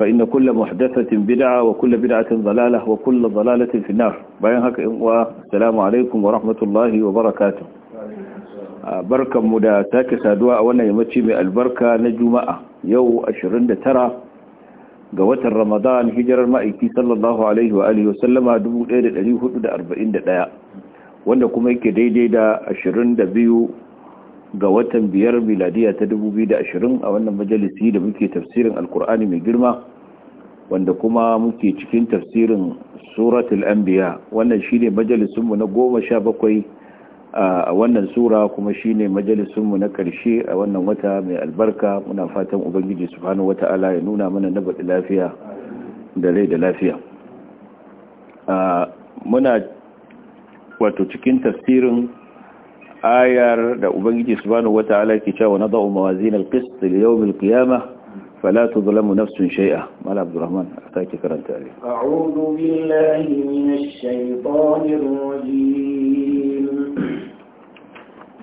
فإن كل محدثة بدعة وكل بدعة ضلالة وكل ضلالة في النار بيان هكا السلام عليكم ورحمة الله وبركاته بركة مدى تاكس أدواء وانا يمتشي من البركة نجمع يو أشرين ترى قوات رمضان هجر المائكي صلى الله عليه وآله وسلم دبو الأريه دا أربعين دا وانا كميك ديدي دا أشرين دا بيو ga watan biyar miladiya ta da 2020 a wannan majalisi da muke tafsirin alkur'ani mai girma wanda kuma muke cikin tafsirin suratul anbiya wannan shine majalisunmu na goma sha bakwai a wannan sura kuma shine majalisunmu na karshe a wannan wata mai albarka muna fatan ubangiji subhanahu wata'ala ya nuna mana na baɗi lafiya da rai da lafiya muna wato cikin tafsirin ayar da ubangiji subhanahu wataala yake cewa na da'u mawazin alqist li yawm alqiyamah fala tudlamu nafsun shay'a mal abdurrahman ta ataki karanta ali a'udhu billahi minash shaytanir rajim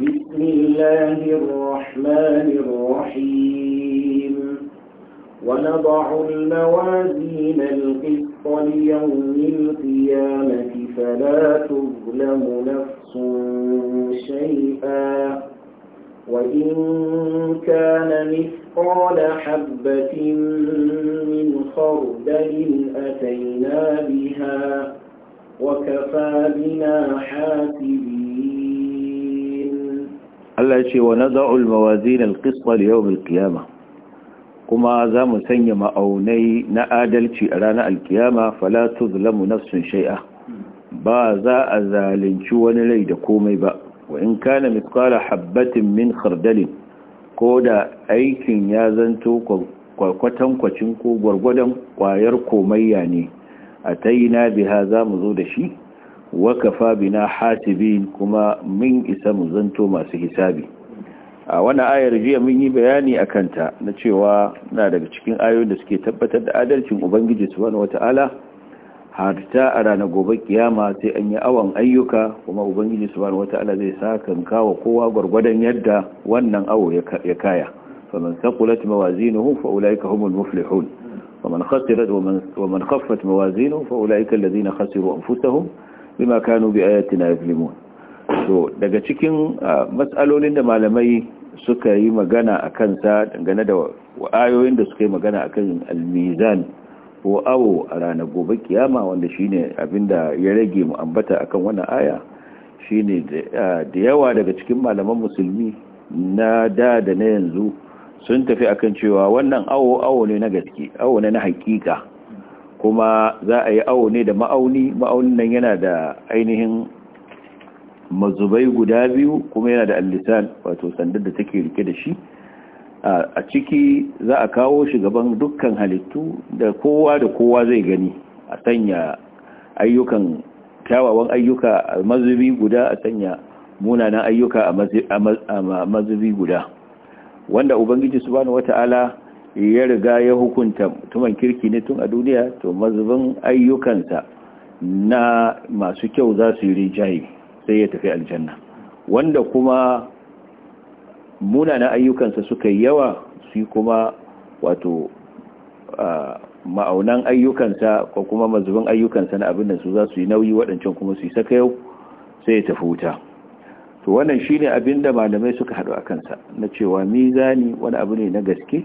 bismillahir rahmanir rahim wa ونضع الموازين القسط ليوم القيامة فلا تظلم نفس شيئا وإن كان مثقال حبة من خردل أتينا بها وكفى بنا حاسبين الله يشي ونضع الموازين القسط ليوم القيامة كما زام mu sanya ma'aunai na adalci a ranar alkiyama fala tuzlamu ba za a zalunci wani rai da komai ba wa in kana mithqala habbatin min khardalin ko da aikin ya zanto kwakwatan kwacin ko gwargwadon kwayar komayya ne a tayina biha za mu zo da shi wa kafa bina hasibin kuma min isa mu zanto masu hisabi a wani ayar jiya mun yi bayani a kanta na cewa na daga cikin ayoyin da suke tabbatar da adalcin ubangiji subhanahu wata'ala ta a ranar gobe kiyama sai an yi awon ayyuka kuma ubangiji su subhanahu wataala zai kan kawo kowa gwargwadon yadda wannan awo ya kaya faman saqulat mawazinuhu fa ulaika humul muflihun faman khasirat man khaffat mawazinu fa ulaika alladhina khasiru anfusahum bima kanu na yaflimun so daga cikin ah, matsalolin da malamai suka yi magana a kansa dangane da ayoyin da suka yi magana a kan mizan ko awo a ranar gobe kiyama wanda shine abinda ya rage mu ambata akan wannan aya shine da yawa daga cikin malaman musulmi na da da na yanzu sun tafi akan cewa wannan awo awo ne na gaske awo ne na hakika kuma za a yi awo ne da ma'auni ma'aunin nan yana da ainihin mazubai guda biyu kuma yana da allisan wato sandar da take rike da shi a ciki za a kawo shi gaban dukkan halittu da kowa da kowa zai gani a sanya ayyukan kyawawan ayyuka a mazubi guda a sanya munanan ayyuka a mazubi guda wanda ubangiji subhanahu wata'ala ya riga ya hukunta tuman kirki ne tun a duniya to mazubin ayyukansa na masu kyau za su yi rinjaye sai ya tafi aljanna wanda kuma munana ayyukansa suka yi yawa su kuma wato ma'aunan ayyukansa ko kuma mazubin ayyukansa na abin da su za su yi nauyi waɗancan kuma su yi saka yau sai ya tafi wuta to wannan shine abin da malamai suka haɗu a kansa na cewa mizani wani abu ne na gaske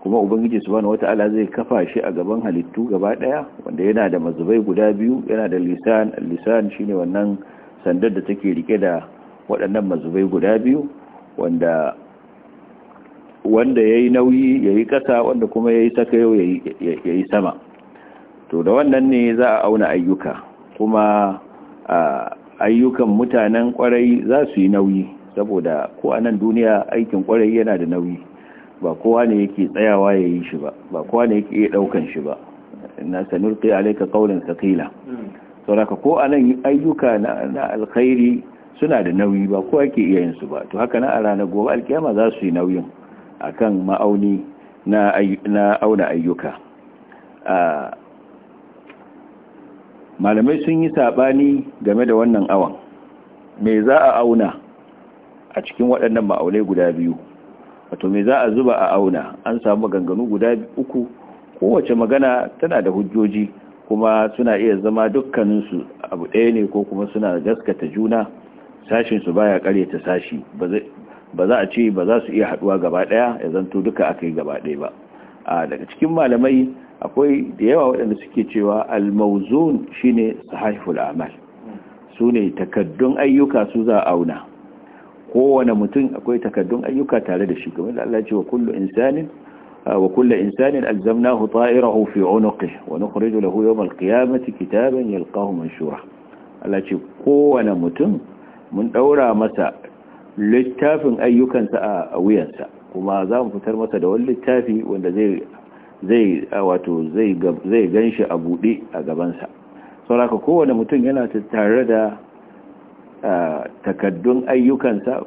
kuma ubangiji su wata ala zai kafa shi a gaban halittu gaba ɗaya wanda yana da mazubai guda biyu yana da lisan lisan shine wannan sandar da take rike da waɗannan mazubai guda biyu wanda wanda yayi nauyi yayi kasa wanda kuma yayi yau yayi sama to da wannan ne za a auna ayyuka kuma ayyukan mutanen kwarai za su yi nauyi saboda ko a nan duniya aikin kwarai yana da nauyi ba kowa ne yake tsayawa ya yi shi ba ba kowa ne yake iya daukan shi ba na sanurki alaika kaulan sakila hmm. saboda ko a nan ayyuka na alkhairi suna da nauyi ba ko ake iya yin su ba to haka na a ranar gobe alkiyama za su yi nauyin kan ma'auni na auna ayyuka malamai sun yi saɓani game da wannan awon me za a auna a cikin waɗannan ma'aunai guda biyu wato me za a zuba a auna an samu ganganu guda uku kowace magana tana da hujjoji kuma suna iya zama dukkaninsu abu ɗaya ne ko kuma suna gaskata juna sashen su baya karyata sashi ba za a ce ba za su iya haduwa gaba daya ya zanto duka aka yi gaba daya ba a daga cikin malamai akwai da yawa waɗanda suke cewa almauzun shine sahihul amal su ne takaddun ayyuka su za a auna kowane mutum akwai takaddun ayyuka tare da shi kamar da Allah ya ce wa kullu insanin وكل إنسان ألزمناه طائره في عنقه ونخرج له يوم القيامة كتابا يلقاه منشورا ce قوانا mutum. mun daura masa littafin ayyukansa a wuyansa kuma za mu fitar masa da wani littafi wanda zai wato zai zai ganshi a buɗe a gabansa saboda kowane mutum yana tare da takaddun ayyukansa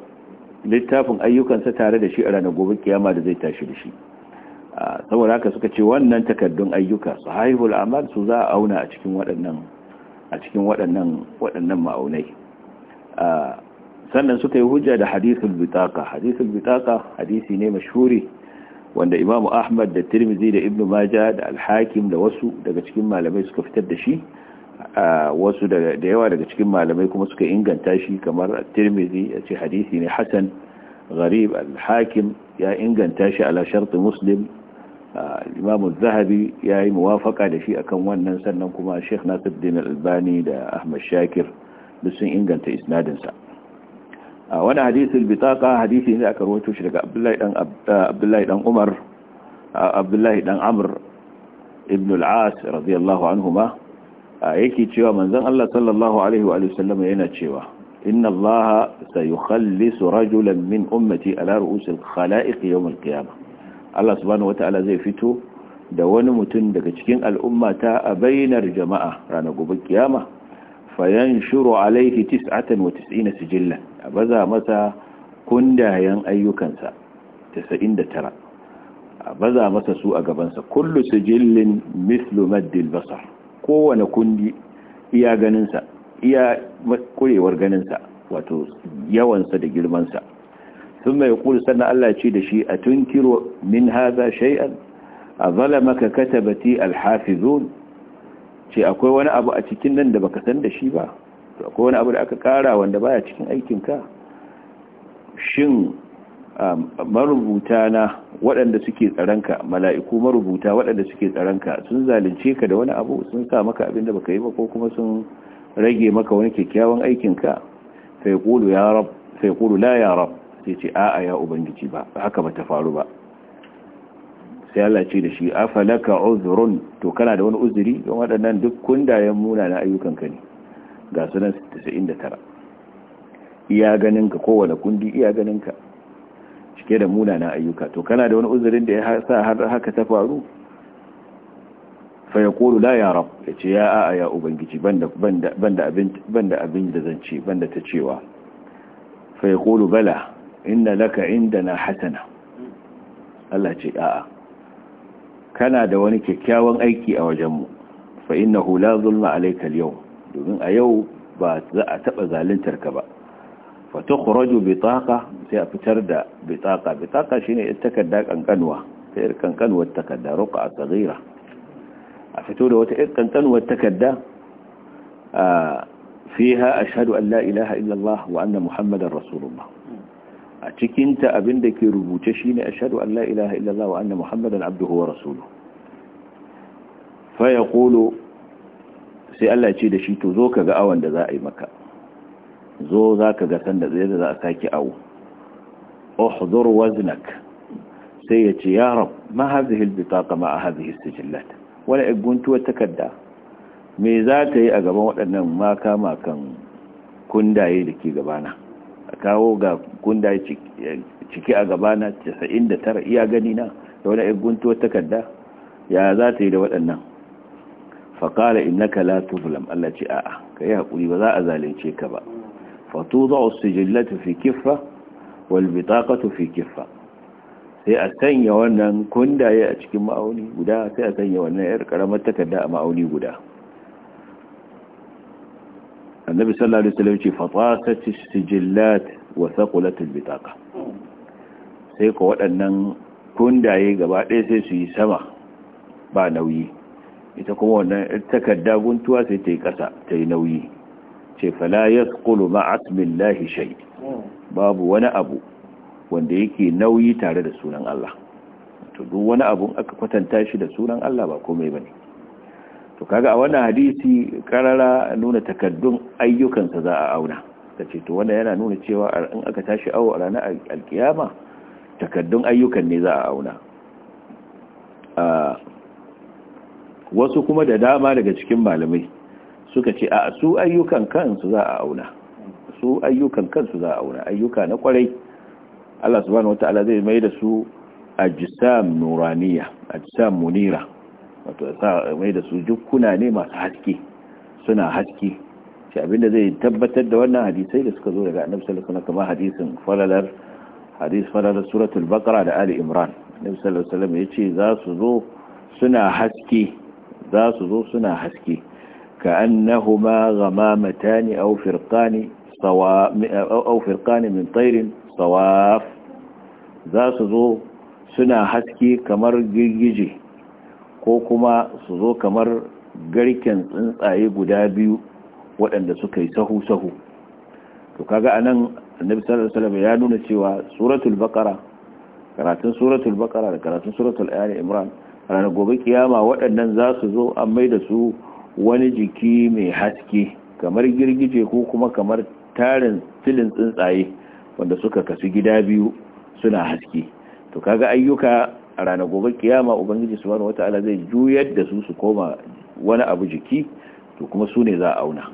littafin ayyukansa tare da shi a ranar gobe kiyama da zai tashi da shi saboda haka suka ce wannan takaddun ayyuka su haihul amal su za a auna a cikin waɗannan a cikin waɗannan waɗannan ma'aunai sannan suka yi hujja da hadithul bitaka hadithul bitaka hadisi ne mashhuri wanda imamu ahmad da tirmizi da ibnu maja da alhakim da wasu daga cikin malamai suka fitar da shi wasu da yawa daga cikin malamai kuma suka inganta shi kamar tirmizi ya ce hadisi ne hasan gharib alhakim ya inganta shi ala sharti muslim imamu zahabi ya yi muwafaka da shi akan wannan sannan kuma sheikh nasiruddin albani da ahmad shakir da sun inganta isnadinsa a wani hadisul bitaka hadisi ne aka rawaito shi daga abdullahi dan eh, umar abdullahi dan amr ibn al-as radiyallahu anhuma yake cewa manzon Allah sallallahu alaihi wa sallam yana cewa inna Allah sayukhallisu rajulan min ummati ala ru'usil khalaiq yawm al-qiyamah Allah subhanahu ta'ala zai fito da wani mutum daga cikin al'ummata a bainar jama'a ranar gobe kiyama fayan shuru alaihi tis'atan wa tis'ina sijillan a baza masa kundayen ayyukansa 99 a baza masa su a gabansa kullu sijillin mislu maddil basar kowane kundi iya ganinsa iya kurewar ganinsa wato yawansa da girmansa sun mai kuri sannan Allah ce da shi a tunkiro min haza shay'an a zalamaka katabati alhafizun ce akwai wani abu a cikin nan da baka san da shi ba to akwai wani abu da aka kara wanda baya cikin aikinka shin um, marubuta na waɗanda suke tsaranka mala'iku marubuta waɗanda suke tsaranka sun zalunce ka da wani abu sun sa maka abin da baka yi ba ko kuma sun rage maka wani kyakkyawan aikinka sai kulu la ya rab sai ce a'a ya ubangiji ba haka ba ta faru ba sai Allah ce da shi afalaka uzrun to kana da wani uzuri don waɗannan duk kundayen munana ayyukan ka ne ga sunan 99 iya ganin ka kowane kundi iya ganin ka cike da munana ayyuka to kana da wani uzurin da ya sa har haka ta faru fa yaqulu la ya rab yace ya a'a ya ubangiji banda banda banda abin banda abin da zan ce banda ta cewa fa yaqulu bala inna laka indana hasana Allah ce a'a kana da wani kyakkyawan aiki a wajenmu fa innahu la zulma alayka al-yawm domin a yau ba za a taba zaluntar ka ba fa tukhraju bitaqa sai a fitar da bitaqa bitaqa shine ita takarda kankanwa sai kankanwar takarda ruqa saghira a fito da wata kankanwar takarda fiha ashhadu an la ilaha illa Allah wa anna muhammadar rasulullah a cikinta abin da ke rubuce shine ashhadu an la ilaha illallah wa anna muhammadan abduhu wa rasuluhu sai Allah ce da shi to zo ka ga awon da za a yi maka zo za ka ga sanda zai da za a saki awo uhzur waznak sai ya ce ya rab ma hadhihi albitaqa ma hadhihi sijillat wala iguntuwa takarda me za ta yi a gaban waɗannan maka makan kundaye da ke gabana kawo ga kunda ciki a gabana 99 iya ganina na da wani guntuwar takarda ya za ta yi da waɗannan faƙala innaka la tuzlam Allah ce a'a ka yi haƙuri ba za a zalunce ka ba su sijillatu fi kiffa wal bitaqatu fi kiffa sai a sanya wannan kundaye a cikin ma'auni guda sai a sanya wannan yar karamar takarda a ma'auni guda annabi sallallahu alaihi wasallam ce fatasat sijillat wa thaqulat albitaqa sai ko waɗannan kundaye gaba ɗaya sai su yi sama ba nauyi ita kuma wannan takarda guntuwa sai ta yi ƙasa ta yi nauyi ce fala yasqulu ma asmillahi shay babu wani abu wanda yake nauyi tare da sunan Allah to duk wani abu aka kwatanta shi da sunan Allah ba komai bane to kaga a wannan hadisi karara nuna takaddun ayyukansa za a auna ta to wannan yana nuna cewa in aka tashi awo a ranar alkiyama takaddun ayyukan ne za a auna wasu kuma da dama daga cikin malamai suka ce a su ayyukan kansu za a auna su ayyukan kansu za a auna ayyuka na kwarai Allah subhanahu wataala zai mai da su ajsam nuraniya ajsam munira wato sa mai da su jukkuna ne masu haske suna haske shi abinda zai tabbatar da wannan hadisai da suka zo daga annabi sallallahu alaihi kamar hadisin falalar hadis falalar suratul baqara da ali imran annabi sallallahu alaihi wasallam yace za su zo suna haske za su zo suna haske كأنهما غمامتان أو فرقان صوا... أو فرقان من طير صواف ko kuma su zo kamar garken tsuntsaye guda biyu waɗanda suka yi sahu-sahu to kaga anan annabi sallallahu alaihi wasallam ya nuna cewa suratul baqara karatun suratul baqara da karatun suratul ali imran ranar gobe kiyama waɗannan za su zo an mai da su wani jiki mai haske kamar girgije ko kuma kamar tarin tilin tsuntsaye wanda suka kasu gida biyu suna haske to kaga ayyuka a ranar gobe kiyama ubangiji subhanahu wata'ala zai juyar da su su koma wani abu jiki to kuma su ne za a auna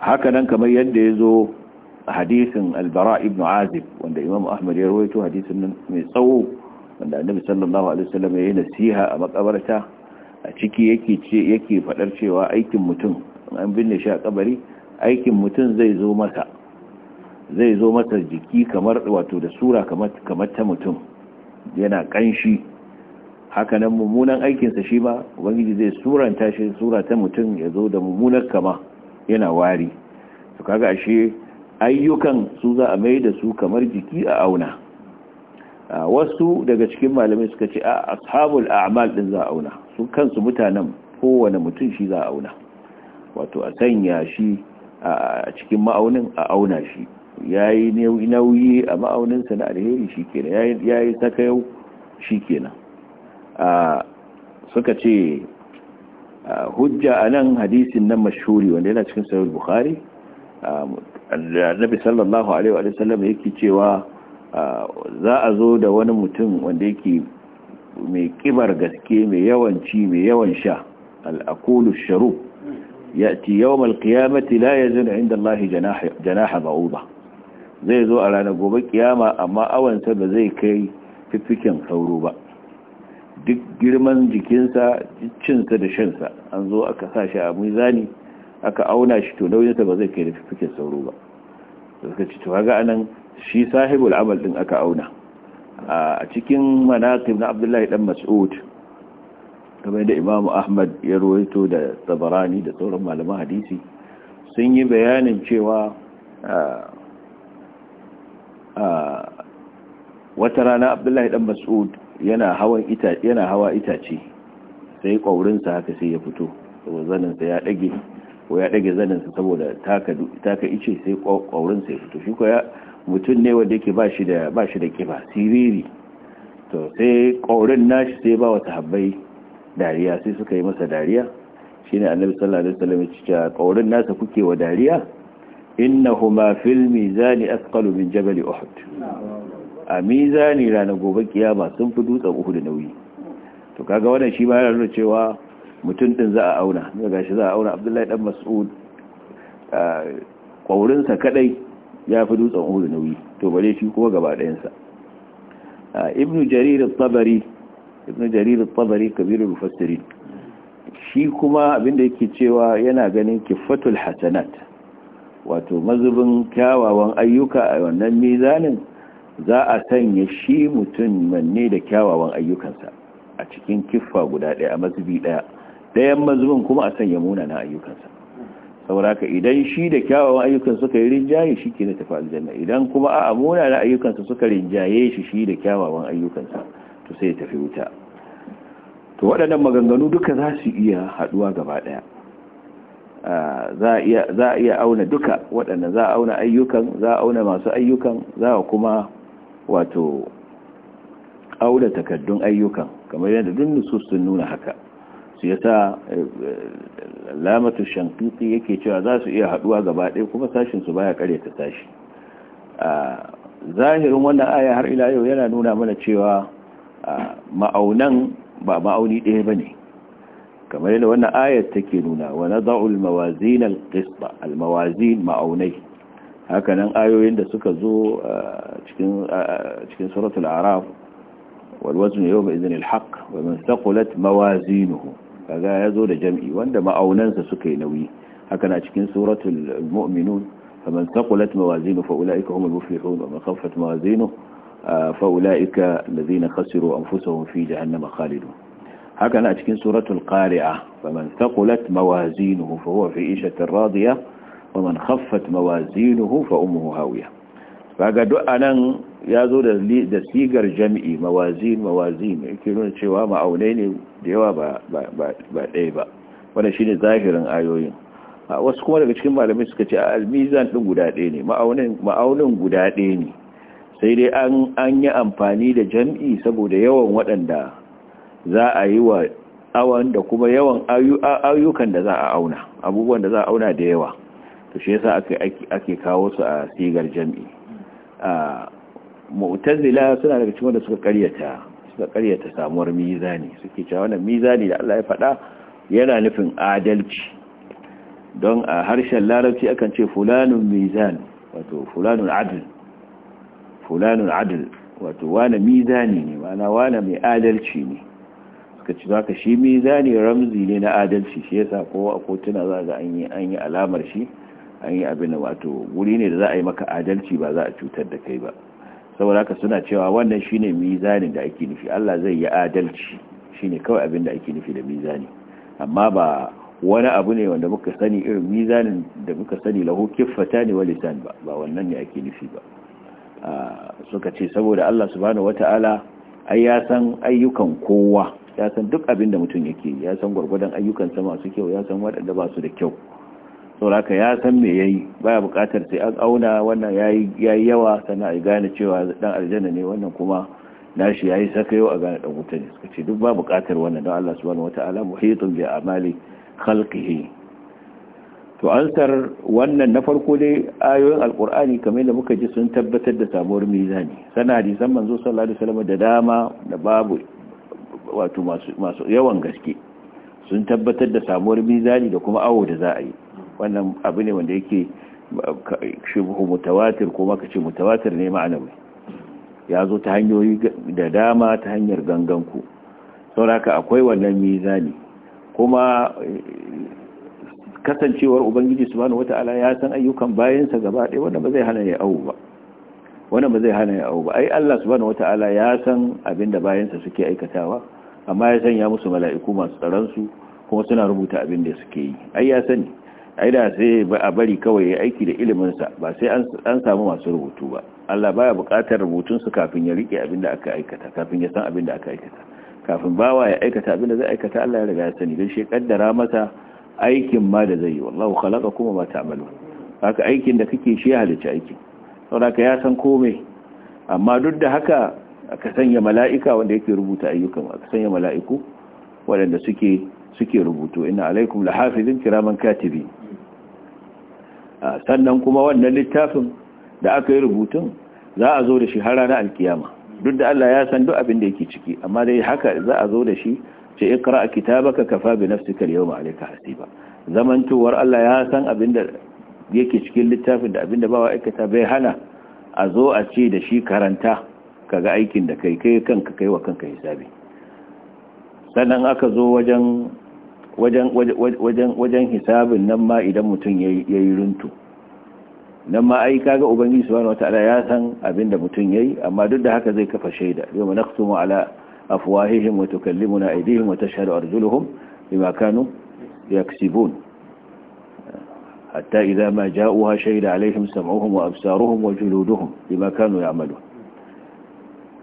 haka nan kamar yadda ya zo hadisin albara ibn azib wanda imam ahmad ya rawaito hadisin nan mai tsawo wanda annabi sallallahu alaihi wasallam ya yi nasiha a makabarta a ciki yake ce yake fadar cewa aikin mutum an binne shi a kabari aikin mutum zai zo masa zai zo masa jiki kamar wato da sura kamar ta mutum yana kanshi nan, mummunan aikinsa shi ba ubangiji zai suranta shi sura ta mutum ya zo da mummunar kama yana wari su kaga ashe ayyukan su za a mai da su kamar jiki a auna wasu daga cikin malamai suka ce a ashabul a'mal din za a auna su kansu mutanen kowane mutum shi za a auna wato a sanya shi a cikin ma'aunin a auna shi ya yi nauyi a ma'auninsa na alheri shi kenan ya yi takayau shi kenan suka ce hujja a nan hadisin nan mashuri wanda yana cikin sayar bukhari annabi sallallahu alaihi wa sallam yake cewa za a zo da wani mutum wanda yake mai kibar gaske mai yawanci mai yawan sha al'akulu sharu ya ti yawon alkiyamati la ya zina inda Allah janaha ba. zai zo a ranar gobe kiyama amma awansa ba zai kai fifikin sauro ba duk girman jikinsa cinsa da shansa an zo aka sa shi a mizani aka auna shi to nauyinsa ba zai kai da fiffiken sauro ba da suka ci tuwa ga anan shi sahibul amal din aka auna a cikin manaqib na abdullahi dan mas'ud kamar da imamu ahmad ya rawaito da tsabarani da sauran malaman hadisi sun yi bayanin cewa wata rana abdullahi dan mas'ud yana hawan ita yana hawa itace sai kwaurinsa haka sai ya fito saboda zanin ya dage ko ya dage zanin saboda taka taka ice sai kwaurinsa ya fito shi ko ya mutun ne wanda yake bashi da bashi da kiba siriri to sai ƙaurin nashi sai ba wata sahabbai dariya sai suka yi masa dariya shine annabi sallallahu alaihi wasallam ya ce nasa kuke wa dariya innahuma fil mizani athqalu min jabal uhud a mizani ranar gobe kiyama sun fi dutsen uhud nauyi to kaga wannan shi ba yana cewa mutum din za a auna daga gashi za a auna abdullahi dan mas'ud kwaurin sa kadai ya fi dutsen uhud nauyi to bare shi kuma gaba ɗayan sa ibnu jarir at-tabari ibnu jarir at-tabari kabirul mufassirin shi kuma abinda yake cewa yana ganin kifatul hasanat wato mazubin kyawawan ayyuka a wannan mizanin za a sanya shi mutum manne da kyawawan ayyukansa a cikin kiffa guda ɗaya a mazubi ɗaya ɗayan mazubin kuma a sanya munanan ayyukansa sauraka idan shi da kyawawan ayyukansa suka yi rinjaye shi ke da tafa aljanna idan kuma a amuna ayyukansa suka rinjaye shi shi da kyawawan ayyukansa to sai ya tafi wuta to waɗannan maganganu duka za su iya haɗuwa gaba ɗaya za a iya auna duka waɗanda za a auna ayyukan za a auna masu ayyukan za a kuma wato auna takardun ayyukan kamar yadda duk nusu sun nuna haka su yasa lamatu shankiti yake cewa za su iya haɗuwa gaba ɗaya kuma su baya karya ta tashi zahirin wannan aya har ila yau yana nuna mana cewa ma'aunan ba ma'auni ɗaya ba ne كما يلو أن آية تكينونا ونضع الموازين القصة الموازين معوني هكذا آية آيوين دا سكزو تكين سورة العراف والوزن يوم إذن الحق ومن ثقلت موازينه هذا يزول آية جمعي وان دا معونان سكينوي هكذا تكين سورة المؤمنون فمن ثقلت موازينه فأولئك هم المفلحون ومن خفت موازينه آه، فأولئك الذين خسروا أنفسهم في جهنم خالدون haka na cikin suratul qari'a faman thaqulat mawazinuhu fa huwa fi ishatin radiya wa man khaffat mawazinuhu fa ummuhu hawiya kaga duk anan yazo da da sigar jam'i mawazin mawazin yake nuna cewa ma'aunai ne da yawa ba ba ba ɗaya ba wannan shine zahirin ayoyin wasu kuma daga cikin malamai suka ce almizan din guda ɗaya ne ma'aunin ma'aunin guda ɗaya ne sai dai an an yi amfani da jam'i saboda yawan waɗanda za a yi wa awan da kuma yawan ayyukan da za a auna abubuwan da za a auna da yawa to shi yasa ake kawo su a sigar jam'i mu'tazila suna daga cikin wanda suka karyata suka karyata samuwar mizani suke cewa wannan mizani da Allah ya faɗa yana nufin adalci don a harshen larabci akan ce fulanun mizan wato fulanun adl fulanun adl wato wani mizani ne wani mai adalci ne suka ci zaka shi mizani ramzi ne na adalci shi yasa kowa a kotuna za ga an yi an yi alamar shi an yi abin da wato guri ne da za a yi maka adalci ba za a cutar da kai ba saboda haka suna cewa wannan shine mizanin da ake nufi Allah zai yi adalci shine kawai abin da ake nufi da mizani amma ba wani abu ne wanda muka sani irin mizanin da muka sani lahu kiffata ne walisan ba ba wannan ne ake nufi ba ah, suka ce saboda Allah subhanahu wataala ai ya san ayyukan kowa ya san duk abin da mutum yake ya san gwargwadon ayyukansa masu kyau ya san waɗanda ba su da kyau sauraka ya san me ya yayi baya bukatar sai an auna wannan ya yi yawa sannan a gane cewa dan aljanna ne wannan kuma nashi yayi yau a gane dan wuta ne suka ce duk ba bukatar wannan don Allah subhanahu ta'ala muhitun bi amali khalqihi to ansar wannan na farko dai ayoyin alkur'ani kamar da muka ji sun tabbatar da samuwar mizani sanadi hadisan manzo sallallahu alaihi wasallam da dama da babu wato masu yawan gaske sun tabbatar da samuwar mizani da kuma awo da za a yi wannan abu ne wanda yake shibhu mutawatir ko maka ce mutawatir ne ma'ana mai ya zo ta hanyoyi da dama ta hanyar ganganku sauraka akwai wannan mizani kuma kasancewar ubangiji su subhanahu wataala ya san ayyukan bayansa gaba ɗaya wanda ba zai hana ya awu ba wanda ba zai hana ya awu ba ai Allah subhanahu wataala ya san abinda bayansa suke aikatawa amma ya sanya musu mala'iku masu tsaransu kuma suna rubuta abin da suke yi ai ya sani ai da sai ba a bari kawai ya aiki da iliminsa ba sai an samu masu rubutu ba Allah baya buƙatar rubutunsu kafin ya rike abin da aka aikata kafin ya san abin da aka aikata kafin bawa ya aikata abin da zai aikata Allah ya riga ya sani don shi kaddara masa aikin ma da zai yi wallahu khalaqa kuma ma ta'malu haka aikin da kake shi ya halicci aikin saboda ya san komai amma duk da haka aka sanya mala'ika wanda yake rubuta ayyukan aka sanya mala'iku waɗanda suke suke rubutu ina alaikum lahafizin kiraman katibi sannan kuma wannan littafin da aka yi rubutun za a zo da shi har na alkiyama duk da Allah ya san duk abin da yake ciki amma dai haka za a zo da shi ce ikra kitabaka kafa bi nafsika al-yawma alayka hasiba zamantowar Allah ya san abin da yake cikin littafin da abin da bawa aikata bai hana a zo a ce da shi karanta kaga aikin da kai kai kanka kai wa kanka hisabi sannan aka zo wajen wajen wajen wajen hisabin nan ma idan mutum yayi runtu nan ma ai kaga ubangiji subhanahu wataala ya san abin da mutum yayi amma duk da haka zai kafa shaida yau naqtumu ala afwahihim wa tukallimuna aydihim wa tashhadu arjuluhum bima kanu yaksibun hatta idza ma ja'uha shahida alaihim sam'uhum wa absaruhum wa juluduhum bima kanu ya'malun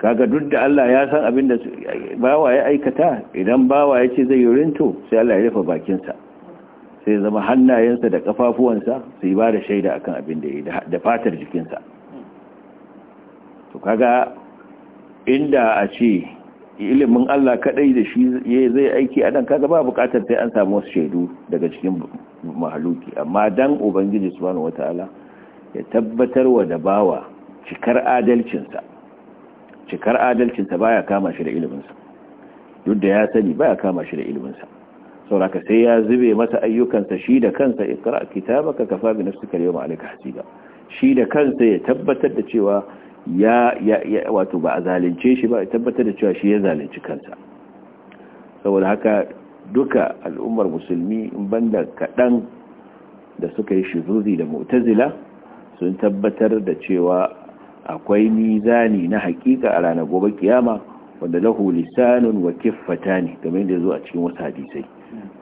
kaga duk da Allah ya san abin da bawa ya aikata idan bawa ya ce zai yi rinto sai Allah ya rufe bakinsa sai zama hannayensa da kafafuwansa su yi ba da shaida akan abin da ya da fatar jikinsa to kaga inda a ce ilimin Allah kadai da shi zai aiki a dan kaga ba bukatar sai an samu wasu shaidu daga cikin mahaluki amma dan ubangiji subhanahu wataala ya tabbatar wa da bawa cikar adalcinsa cikar adalcinsa baya kama shi da iliminsa duk da ya sani baya kama shi da iliminsa sauraka sai ya zube masa ayyukansa shi da kansa ikra kitabaka kafa bi nafsika yawma alayka hasiba shi da kansa ya tabbatar da cewa ya wato ba a zalunce shi ba ya tabbatar da cewa shi ya zalunci kansa saboda haka duka al'ummar musulmi in banda kadan da suka yi shizuzi da mu'tazila sun tabbatar da cewa akwai mizani na hakika a ranar gobe kiyama wanda lahu lisanun wa kiffatani kamar yadda zo a cikin wasu hadisai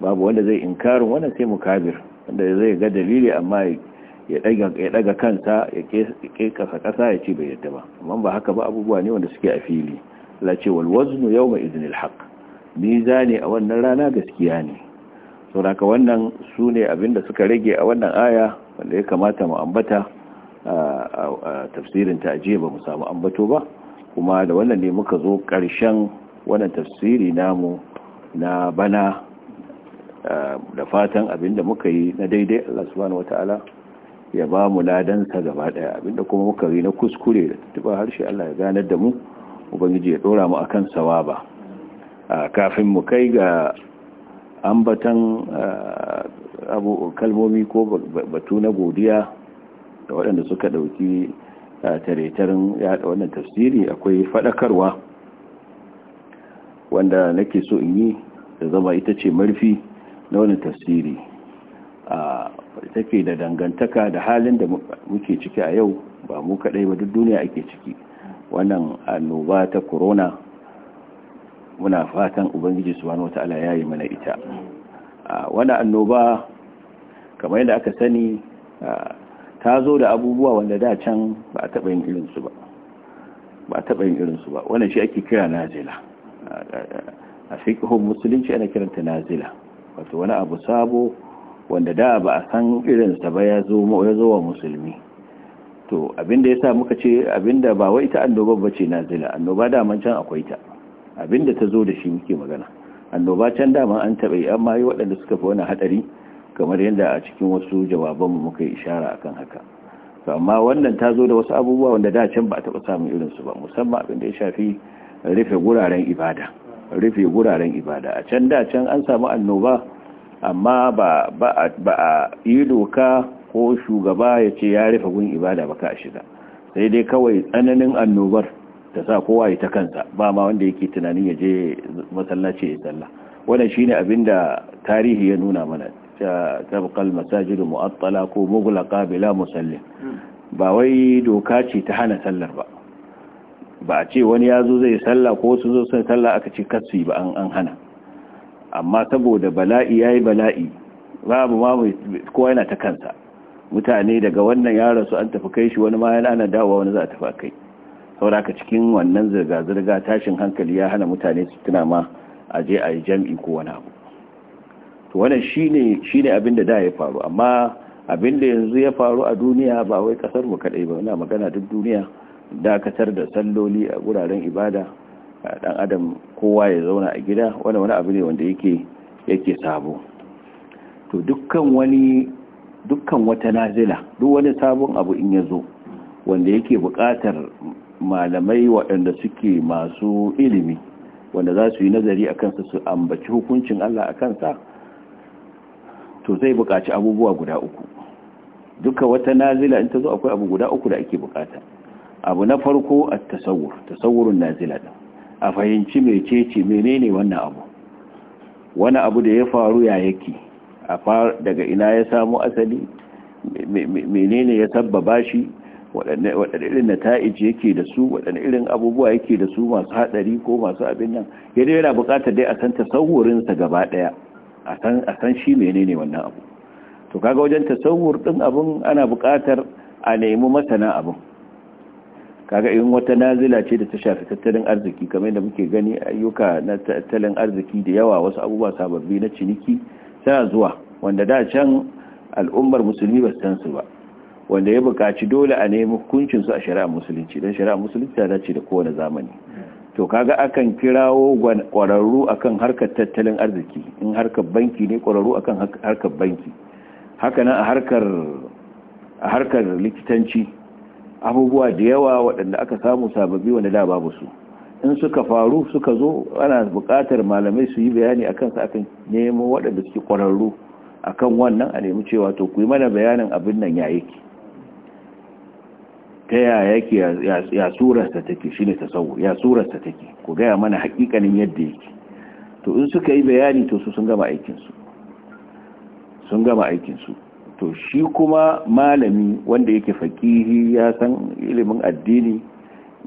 babu wanda zai inkarin wannan sai mukabir wanda zai ga dalili amma ya daga kansa ya kasa kasa ya ce bai yadda ba amma ba haka ba abubuwa ne wanda suke a fili la ce wal waznu yawma idnil haqq ne a wannan rana gaskiya ne saboda wannan su ne abinda suka rage a wannan aya wanda ya kamata mu ambata tafsirin ta ajiye ba mu samu ambato ba kuma da wannan ne muka zo ƙarshen wannan tafsiri namu na bana da fatan abinda muka yi na daidai Allah subhanahu wata'ala ya ba mu ladansa gaba daya abinda kuma muka yi na kuskure da tuba harshe Allah ya ganar da mu ubangiji ya dora mu akan sawaba kafin mu kai ga ambatan abu kalmomi ko batu na godiya da waɗanda suka ɗauki a taren yaɗa wannan tafsiri akwai faɗakarwa wanda nake so in yi da zama ita ce marfi na wannan tafsiri a take da dangantaka da halin da muke ciki a yau ba mu kaɗai ba duk duniya ake ciki wannan annoba ta corona muna fatan ubangiji wani wataala ya yi mana ita wannan annoba kamar yadda aka sani ta zo da abubuwa wanda da can ba a taɓa yin irinsu ba ba a taɓa yin irinsu ba wannan shi ake kira nazila a fiƙihun musulunci ana kiranta nazila wato wani abu sabo wanda da ba a san irinsa ba ya zo wa musulmi to abinda ya sa muka ce abinda ba wai ta annoba ba ce nazila annoba daman can akwai ta abinda ta zo da shi muke magana annoba can daman an taɓa yi amma yi waɗanda suka fi wani haɗari kamar yadda a cikin wasu jawabanmu muka yi ishara akan haka to amma wannan ta zo da wasu abubuwa wanda da can ba a taɓa samun su ba musamman abin da ya shafi rufe guraren ibada rufe guraren ibada a can da can an samu annoba amma ba a yi doka ko shugaba ya ce ya rufe gun ibada ba ka shiga, sai dai kawai tsananin annobar ta sa kowa ya ta kansa ba ma wanda yake tunanin ya je masallaci ya tsalla wannan shine abin da tarihi ya nuna mana tabqa al-masajid mu'attala ko mughlaqa bila musallin hmm. ba wai doka ce ta hana sallar ba ba a ce wani ya zo zai sallah ko su zo sun sallah aka ce katsi ba an hana amma saboda bala'i ya yi bala'i babu ma kowa yana ta kansa mutane daga wannan ya rasu an tafi kai shi wani ma yana ana dawowa wani za a tafi kai sauraka cikin wannan zirga-zirga tashin hankali ya hana mutane su tuna ma a je a yi jam'i ko wani abu to wannan shine shine abin da ya faru amma abin da yanzu ya faru a duniya ba wai kasar mu kadai ba ina magana duk duniya dakatar da salloli a guraren ibada dan adam kowa ya zauna a gida wani wani abu ne wanda yake yake sabo to dukkan wani dukkan wata nazila duk wani sabon abu in yazo wanda yake buƙatar malamai waɗanda suke masu ilimi wanda za su yi nazari a kansa su ambaci hukuncin Allah a kansa to zai buƙaci abubuwa guda uku duka wata nazila in ta zo akwai abu guda uku da ake bukata abu na farko a tasawur tasawurin nazila a fahimci mecece menene wannan abu wani abu da ya faru ya yake a far daga ina ya samu asali menene ya sabbaba shi waɗanne irin na nata'ij yake da su waɗanne irin abubuwa yake da su masu haɗari ko masu abin nan yadda yana bukatar dai a san tasawurinsa gaba ɗaya a san shi menene wannan abu to kaga wajen tasawur din abun ana buƙatar a nemi masana abun kaga in wata nazila ce da ta shafi tattalin arziki kamar yadda muke gani ayyuka na tattalin arziki da yawa wasu abubuwa sababbi na ciniki suna zuwa wanda da can al'ummar musulmi ba san su ba wanda ya buƙaci dole a nemi hukuncin su a shari'ar musulunci dan shari'ar musulunci ta dace da kowane zamani to kaga akan kirawo kwararru akan harkar tattalin arziki in harkar banki ne kwararru akan harkar banki haka nan a harkar likitanci abubuwa da yawa waɗanda aka samu sababbi wani da babu su in suka faru suka zo ana buƙatar malamai su yi bayani akan sa akan nemo waɗanda suke kwararru akan wannan a nemi cewa to ku yi mana bayanin abin nan ya yake ta yaya yake ya take shi ne tasawur ya take ku gaya mana hakikanin yadda yake to in suka yi bayani to su sun gama aikinsu sun gama aikinsu to shi kuma malami wanda yake fakihi ya san ilimin addini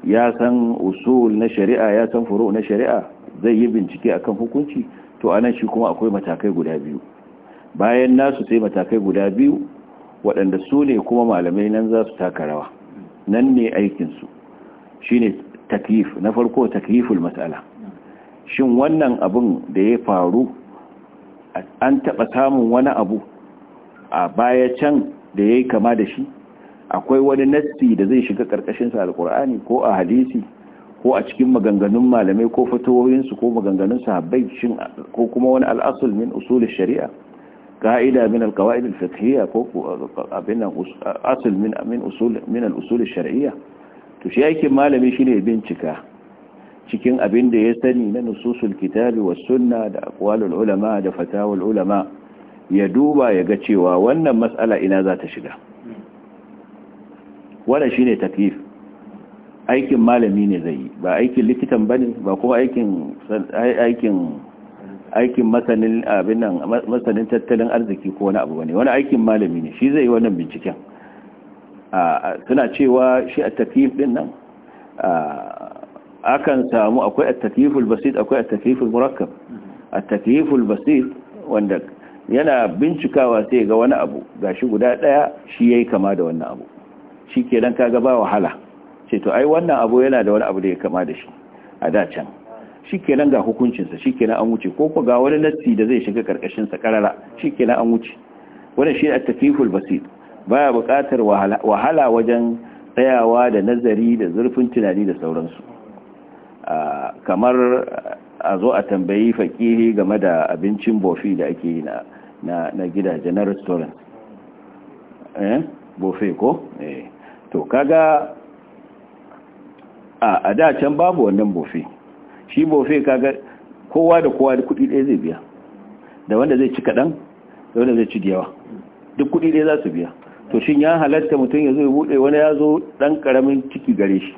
ya san usul na shari'a ya san furu na shari'a zai yi bincike akan hukunci to anan shi kuma akwai matakai guda biyu bayan nasu sai matakai guda biyu waɗanda su ne kuma malamai nan za su taka rawa nan ne aikinsu shi ne taklif na farko takliful mas'ala shin wannan abun da ya faru an taɓa samun wani abu a baya can da ya kama da shi akwai wani nassi da zai shiga ƙarƙashinsa alƙur'ani ko a hadisi ko a cikin maganganun malamai ko fatawoyinsu ko maganganun sahabbai shin ko kuma wani al'asul min usulul shari'a قاعدة من القواعد الفقهية أصل من, من, أصول من الأصول الشرعية تشيك ما لم يشيني bincika cikin abin da ya sani na nususul kitabi was sunna da aqwalul ulama da fatawul ulama ya duba ya ga cewa wannan mas'ala ina za ta shiga wannan shine taklif aikin malami ne zai ba aikin likitan bane ba kuma aikin aikin aikin masanin abin nan masanin tattalin arziki ko wani abu bane wani aikin malami ne shi zai yi wannan binciken suna cewa shi at takyif din nan akan samu akwai at takyiful basit akwai at takyiful murakkab at takyiful basit wanda yana bincikawa sai ga wani abu gashi guda daya shi yayi kama da wannan abu shikenan kaga ba wahala ce to ai wannan abu yana da wani abu da ya kama da shi a da can shikenan ga hukuncinsa shikenan an wuce ko ga wani nassi da zai shiga karkashin sa karara shikenan an wuce wannan shi at tafiful basit baya buƙatar wahala wajen tsayawa da nazari da zurfin tunani da sauransu kamar a zo a tambayi fakiri game da abincin bofi da ake yi na na gidaje na restaurant eh bofe ko eh to kaga a da can babu wannan bofe shi bofe kaga kowa da kowa da kudi ɗaya zai biya da wanda zai ci kaɗan da wanda zai ci da yawa duk kudi ɗaya za su biya to shin ya halatta mutum ya zo ya buɗe wani ya zo ɗan ƙaramin ciki gare shi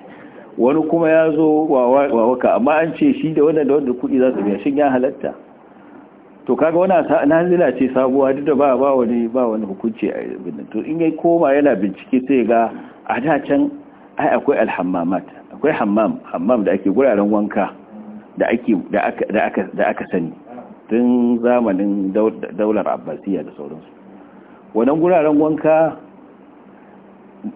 wani kuma ya zo wawaka amma an ce shi da wanda da wanda kudi za su biya shin ya halatta to kaga wani nazila ce sabuwa duk da ba ba wani ba wani hukunci a ibn to in ya koma yana bincike sai ga a da can ai akwai alhammamat akwai hammam hammam da ake guraren wanka da aka sani tun zamanin daular abbasiya da sauransu wannan guraren wanka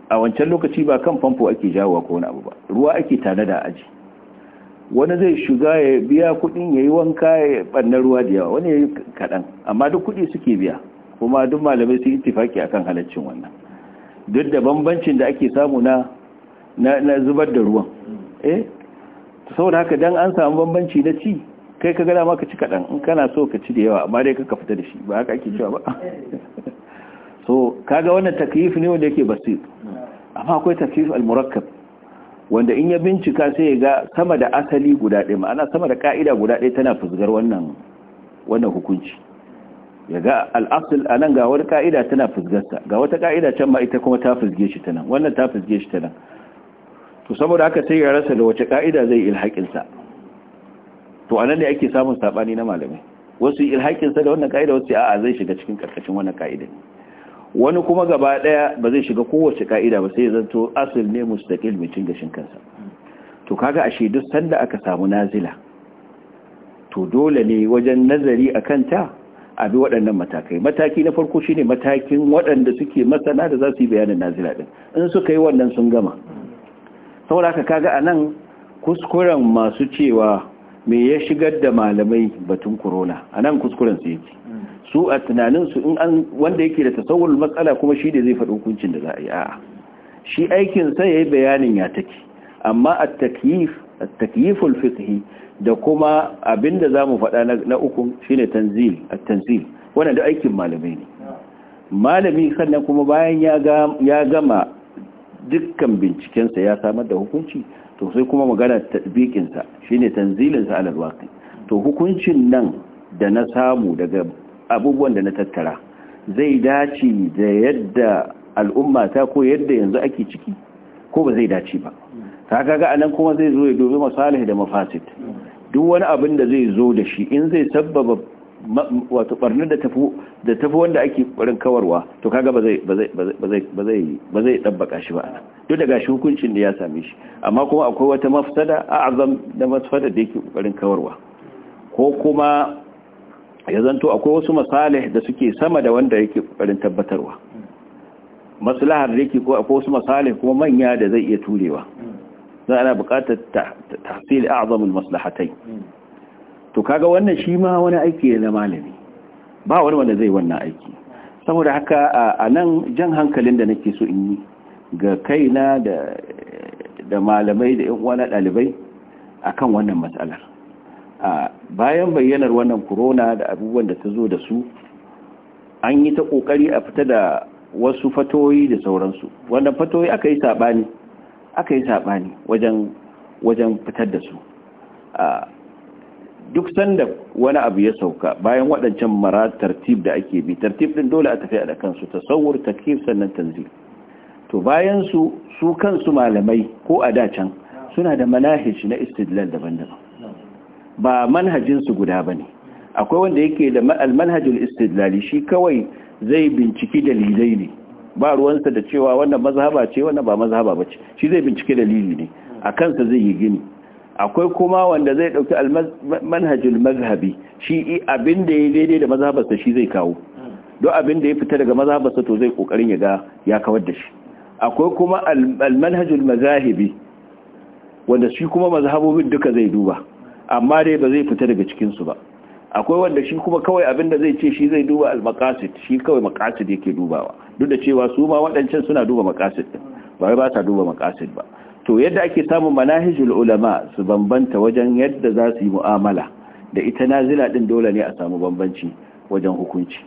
a wancan lokaci ba kan famfo ake jawowa ko wani abu ba ruwa ake tare da aji wani zai shiga ya biya kudin ya yi wanka ya ɓanna ruwa da yawa wani ya yi kaɗan amma duk kudi suke biya kuma duk malamai sun a akan halaccin wannan duk da bambancin da ake samu na zubar da ruwan eh saboda haka dan an samu bambanci na ci kai ka gada maka ci kaɗan in kana so ka ci da yawa amma dai ka fita da shi ba haka ake cewa ba so kaga wannan takyif ne wanda yake basir amma akwai takyif al-murakkab wanda in ya bincika sai ya ga sama da asali guda ɗaya ma'ana sama da ka'ida guda ɗaya tana fusgar wannan wannan hukunci ya ga al'asul a nan ga wani ka'ida tana fusgarsa ga wata ka'ida can ma ita kuma ta fusge shi tana wannan ta fusge shi tana nan to saboda haka sai ya rasa da wace ka'ida zai ilhaƙinsa to anan ne ake samun saɓani na malamai wasu ilhaƙinsa da wannan ka'ida wasu a'a zai shiga cikin ƙarƙashin wannan ka'ida wani kuma gaba ɗaya ba zai shiga kowace ka'ida ba sai ya zanto asil ne mustaƙil mai cin gashin kansa to kaga ashe duk sanda aka samu nazila to dole ne wajen nazari a kanta a bi waɗannan matakai mataki na farko shine matakin waɗanda suke masana da za su yi bayanin nazila ɗin in suka yi wannan sun gama saboda haka kaga nan kuskuren masu cewa me ya shigar da malamai batun corona nan kuskuren su yake su a tunaninsu in an wanda yake da tasawul matsala kuma shi da zai faɗi hukuncin da za a yi a'a shi aikin sa yayi bayanin ya take amma at-takyif at-takyiful fiqhi da kuma abinda zamu faɗa na uku shine tanzil at-tanzil wannan da aikin malamai ne malami sannan kuma bayan ya gama dukkan bincikensa ya samar da hukunci to sai kuma magana tatbikinsa shine tanzilinsa a lalwaki to hukuncin nan da na samu daga abubuwan da na tattara zai dace da yadda al'umma ta ko yadda yanzu ake ciki ko ba zai dace ba ta kaga anan kuma zai zo ya dubi masalih da mafasid duk wani abin da zai zo da shi in zai sabbaba wato barnin da tafi da tafi wanda ake barin kawarwa to kaga ba zai ba zai ba zai ba zai dabbaka shi ba duk da gashi hukuncin da ya same shi amma kuma akwai wata mafsada a'azam da mafsada da yake barin kawarwa ko kuma ya zanto akwai wasu masalih da suke sama da wanda yake barin tabbatarwa maslahar da yake ko akwai wasu masalih kuma manya da zai iya turewa za ana buƙatar tahsil a'zamul maslahatai to kaga wannan shi ma wani aiki ne na malami ba wani wanda zai wannan aiki saboda haka a nan jan hankalin da nake so in yi ga kaina da da malamai da 'yan uwa dalibai ɗalibai akan wannan matsalar bayan bayyanar wannan corona da abubuwan da ta zo da su an yi ta ƙoƙari a fita da wasu fatoyi da sauransu wannan fatoyi aka yi saɓani aka yi sabani wajen wajen fitar da su duk sanda wani abu ya sauka bayan waɗancan mara tartib da ake bi tartib ɗin dole a tafi a da kansu tasawur takif sannan tanzil to bayan su su kansu malamai ko a da can, suna da manahij na istidlal daban-daban ba manhajin su guda bane akwai wanda yake da al-manhajul istidlali shi kawai zai binciki dalilai ne ba ruwansa da cewa wannan mazhaba ce wannan ba mazhaba bace shi zai binciki dalili ne a kansa zai yi gini akwai kuma wanda zai dauki manhajul mazhabi shi abin da ya daidai da mazhabarsa shi zai kawo don abin da ya fita daga mazhabarsa to zai kokarin ya ga ya kawar da shi akwai kuma almanhajul mazahibi wanda shi kuma mazhabobin duka zai duba amma dai ba zai fita daga cikin su ba akwai wanda shi kuma kawai abin da zai ce shi zai duba al-maqasid shi kawai maqasid yake dubawa duk da cewa su ma waɗancan suna duba maqasid ba wai ba sa duba maqasid ba to yadda ake samun manahijul ulama su bambanta wajen yadda za su yi mu'amala da ita nazila din dole ne a samu bambanci wajen hukunci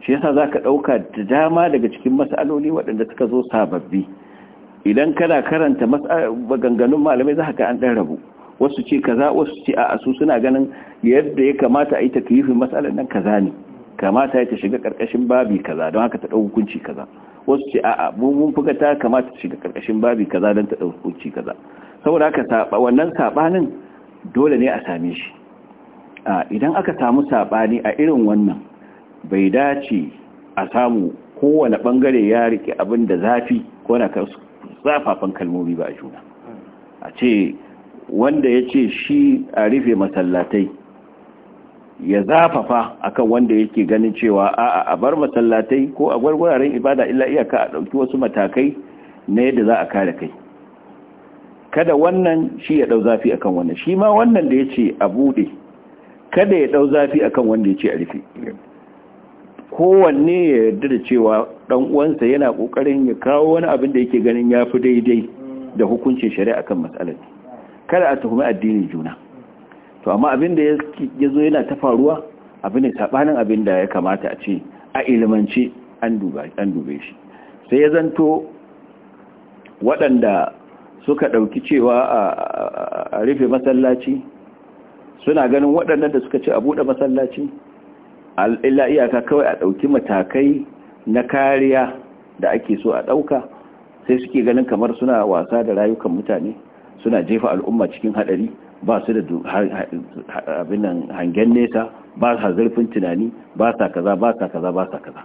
shi yasa ka ɗauka da dama daga cikin mas'aloli waɗanda suka zo sababbi idan kana karanta maganganun malamai za ka an ɗan rabu wasu ce kaza wasu ce a su suna ganin yadda ya kamata a yi taklifin mas'alan nan kaza ne kamata ya ta shiga karkashin babi kaza don haka ta dau hukunci kaza wasu ce a'a mu mun fuka ta kamata ta shiga karkashin babi kaza don ta dau hukunci kaza saboda haka saba wannan sabanin dole ne a same shi a idan aka samu sabani a irin wannan bai dace a samu kowane bangare ya rike abin da zafi ko na zafafan kalmomi ba a juna a ce wanda ya ce shi a rufe masallatai ya zafafa akan wanda yake ganin cewa a'a a bar masallatai ko a gwargwararen ibada illa iyaka a ɗauki wasu matakai na yadda za a kare kai kada wannan shi ya ɗau zafi akan wannan shi ma wannan da ya ce a buɗe kada ya ɗau zafi akan wanda ya ce a rufe kowanne ya yarda da cewa ɗan uwansa yana ƙoƙarin ya kawo wani abin da yake ganin ya fi daidai da hukuncin shari'a kan matsalar kada a tuhumi addinin juna to amma abin da ya zo yana ta faruwa abin da sabanin abin da ya kamata a ce a ilimance an dube shi sai ya zanto waɗanda suka ɗauki cewa a rufe masallaci suna ganin waɗanda da suka ce a buɗe masallaci illa iyaka kawai a ɗauki matakai na kariya da ake so a ɗauka sai suke ganin kamar suna wasa da rayukan mutane suna jefa al'umma cikin haɗari ba su da abinan hangen nesa ba sa zurfin tunani ba sa kaza ba sa kaza ba sa kaza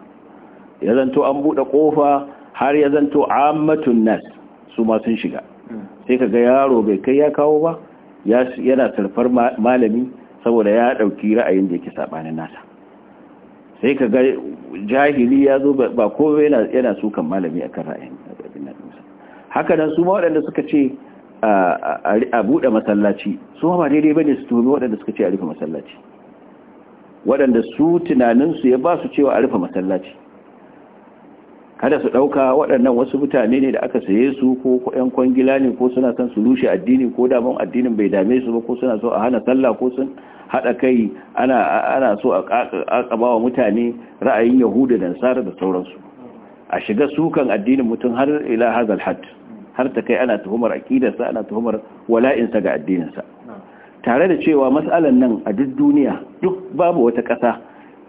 ya zanto an buɗe kofa har ya zanto ammatun nas su ma sun shiga sai kaga yaro bai kai ya kawo ba yana sarfar malami saboda ya ɗauki ra'ayin da yake saɓanin nasa sai kaga jahili ya zo ba kowa yana sukan malami akan ra'ayin haka nan su ma waɗanda suka ce a buɗe masallaci su ba daidai ba ne su tumi waɗanda suka ce a rufe masallaci waɗanda su tunaninsu ya ba su cewa a rufe masallaci kada su ɗauka waɗannan wasu mutane ne da aka saye su ko ƴan kwangila ne ko suna son su rushe addini ko daban addinin bai dame su ba ko suna so a hana sallah ko sun haɗa kai ana so a ƙaƙaba wa mutane ra'ayin yahuda da nasara da sauransu a shiga sukan addinin mutum har ila hazal hadd har ta kai ana tuhumar sa ana tuhumar wala'insa ga addininsa tare da cewa mas'alan nan a duk duniya duk babu wata ƙasa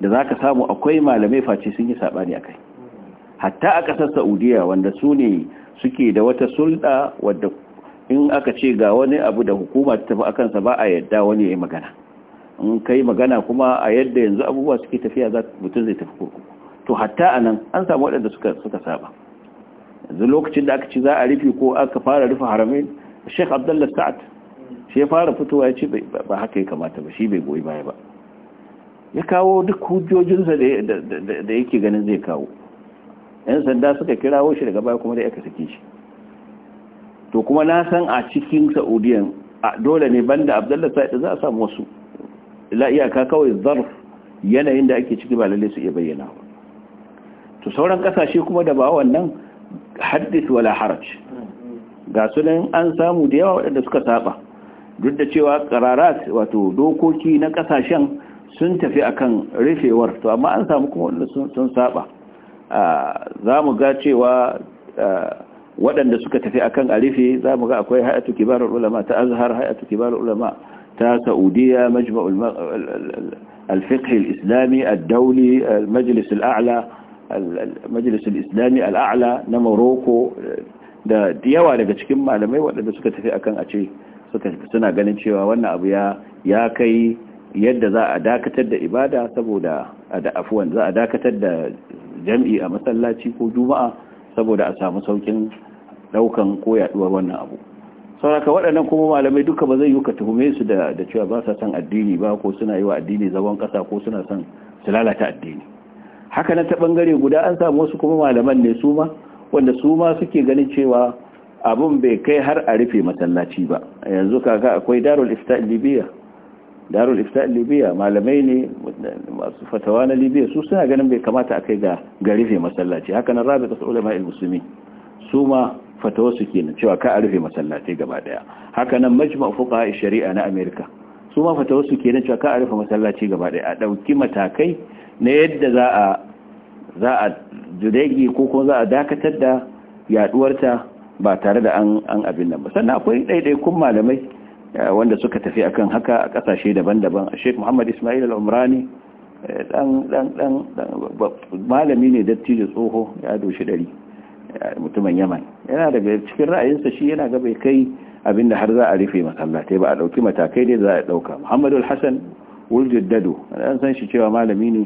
da zaka samu akwai malamai face sun yi a kai hatta a ƙasar Saudiya wanda su ne suke da wata sulɗa wadda in aka ce ga wani abu da hukuma ta tafi akan sa ba a yadda wani ya yi magana in kai magana kuma a yadda yanzu abubuwa suke tafiya za mutum zai tafi kurkuku to hatta nan an samu waɗanda suka suka saba yanzu lokacin da aka ci za a rufe ko aka fara rufe haramin sheikh abdullah sa'ad shi ya fara fitowa ya ce ba haka ya kamata ba shi bai goyi baya ba ya kawo duk hujjojinsa da yake ganin zai kawo yan sanda suka kirawo shi daga baya kuma da aka sake shi to kuma na san a cikin saudiyan dole ne banda abdullah sa'ad za a samu wasu la iyaka kawai zarf yanayin da ake ciki ba lalle su iya bayyana to sauran kasashe kuma da ba wannan haddis wala haraj ga sunan an samu da yawa waɗanda suka saba duk da cewa qararat wato dokoki na kasashen sun tafi akan rufewar to amma an samu kuma sun saba za mu ga cewa waɗanda suka tafi akan arife za mu ga akwai hayatu kibarar ulama ta azhar hayatu kibarar ulama ta saudiya majma'ul al-fiqh al-islami ad-dawli majlis al-a'la majalisul islami al'a'la na morocco da yawa daga cikin malamai waɗanda suka tafi akan a ce suna ganin cewa wannan abu ya kai yadda za a dakatar da ibada saboda da afuwan za a dakatar da jam'i a masallaci ko juma'a saboda a samu saukin daukan ko yaduwar wannan abu sauraka waɗannan kuma malamai duka ba zai yi ka tuhume su da cewa ba sa son addini ba ko suna yi wa addini zagon ƙasa ko suna son su lalata addini haka na ta bangare guda an samu wasu kuma malaman ne su ma wanda su ma suke ganin cewa abun bai kai har a rufe masallaci ba yanzu kaga akwai darul ifta libiya darul ifta libiya malamai ne masu fatawa na libiya su suna ganin bai kamata a kai ga ga rufe masallaci haka nan rabi ta ulama al-muslimin su ma fatawa su kenan cewa ka a rufe masallaci gaba daya haka nan majma'u fuqaha shari'a na america su ma fatawa su kenan cewa ka a rufe masallaci gaba daya a dauki matakai na yadda za a za a ko kuma za a dakatar da yaduwarta ba tare da an abin nan ba sannan akwai ɗaiɗaikun malamai eh, wanda suka tafi akan haka a kasashe daban-daban a sheikh muhammad ismail al-umrani dan eh, malami ne dattijo tsoho ya doshi ɗari eh, mutumin yaman yana daga cikin ra'ayinsa shi yana ga bai kai da har za a rufe masallatai ba a ɗauki matakai da za a ɗauka muhammadu hasan wuljuddado an san shi cewa malami ne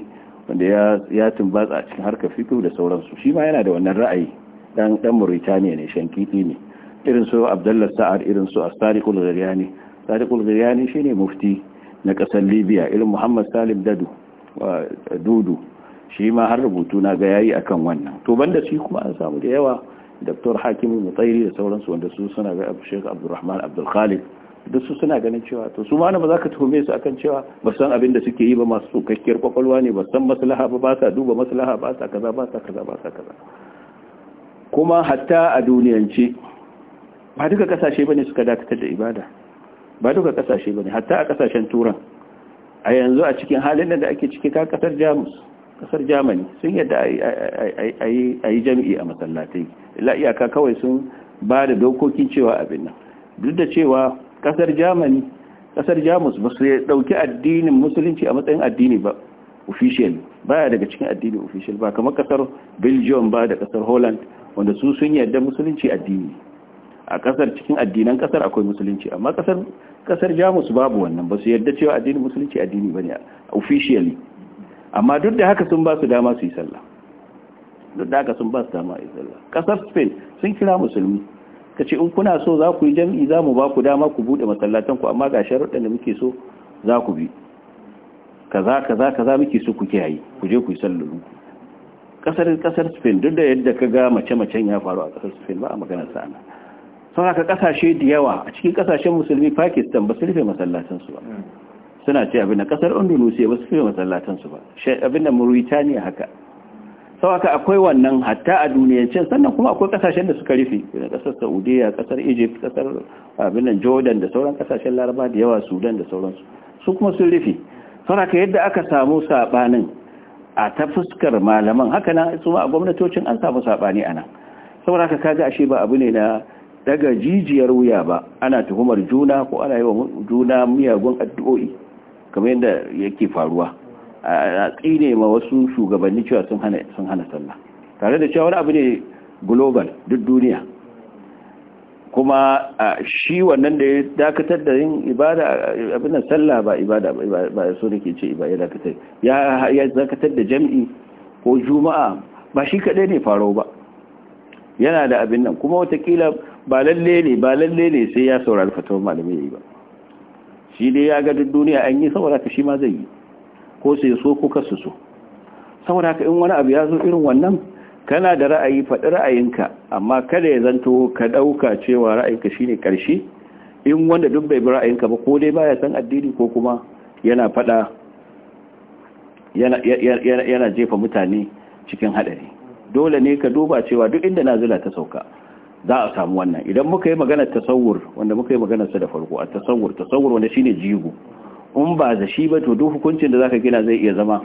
wanda ya tumbatsa a cikin harkar fito da sauransu shi ma yana da wannan ra'ayi dan dan Mauritania ne shankiti ne irin su Abdullah Sa'ad irin su as Ghiryani Sadiqul Ghiryani shine mufti na kasar Libya irin Muhammad Salim Dadu Dudu shi ma har rubutu na ga yayi akan wannan to banda shi kuma an samu da yawa Dr. Hakim Mutairi da sauransu wanda su suna ga Sheikh Abdulrahman Abdul Khalid duk su suna ganin cewa to su ma ba za ka tuhume su akan cewa ba san abin da suke yi ba masu sokakkiyar kwakwalwa ne ba san maslaha ba ba sa duba maslaha ba sa kaza ba sa kaza ba sa kaza kuma hatta a duniyance ba duka kasashe bane suka dakatar da ibada ba duka kasashe bane hatta a kasashen turan a yanzu a cikin halin da ake ciki ka kasar jamus kasar germany sun yadda a yi jami'i a masallatai la iyaka kawai sun ba da dokokin cewa abin nan duk da cewa kasar germany kasar jamus ba su dauki addinin musulunci a matsayin addini ba official baya daga cikin addini official ba kamar kasar belgium ba da kasar holland wanda su sun yarda musulunci addini a kasar cikin addinan kasar akwai musulunci amma kasar kasar jamus babu wannan ba su yarda cewa addinin musulunci addini ba ne officially amma duk da haka sun ba su dama su yi sallah duk da haka sun ba su dama su yi sallah kasar spain sun kira musulmi ka ce in kuna so za ku yi jam'i za mu ba ku dama ku buɗe masallatanku amma ga sharuɗan da muke so za ku bi kaza kaza kaza muke so ku kiyaye ku je ku yi sallalu kasar kasar Spain duk da yadda ka ga mace-macen ya faru a kasar Spain ba a maganar sana sau haka kasashe da yawa a cikin kasashen musulmi Pakistan ba su rufe masallatansu ba hmm. suna ce abin da kasar Indonesia ba su rufe masallatansu ba abin da Mauritania haka sauka akwai wannan hatta a ce sannan kuma akwai kasashen da suka rufe kasar saudiya kasar egypt kasar abinan jordan da sauran kasashen laraba da yawa sudan da sauransu su kuma sun rufe sauraka yadda aka samu sabanin a ta fuskar malaman haka nan su a gwamnatocin an samu sabani a nan sauraka kaga ashe ba abu ne na daga jijiyar wuya ba ana tuhumar juna ko ana yi wa juna miyagun addu'o'i kamar yadda yake faruwa a tsine ma wasu shugabanni cewa sun hana sun hana sallah tare da cewa wani abu ne global duk duniya kuma shi wannan da ya dakatar da yin ibada abin nan sallah ba ibada ba so nake ce ibada dakatar ya ya dakatar da jami'i ko juma'a ba shi kadai ne faro ba yana da abin nan kuma watakila ba lalle ne ba lalle ne sai ya saurari fatawar malamai ba shi dai ya ga duk duniya an yi saboda ka shi ma zai yi ko su so ko kasu so saboda haka in wani abu ya zo irin wannan kana da ra'ayi faɗi ra'ayinka amma kada ya zanto ka ɗauka cewa ra'ayinka shine ƙarshe in wanda duk bai bi ra'ayinka ba ko dai baya san addini ko kuma yana faɗa yana jefa mutane cikin haɗari dole ne ka duba cewa duk inda nazila ta sauka za a samu wannan idan muka yi maganar tasawur wanda muka yi maganarsa da farko a tasawur tasawur wanda shine jigo in ba da shi ba to duk hukuncin da zaka gina zai iya zama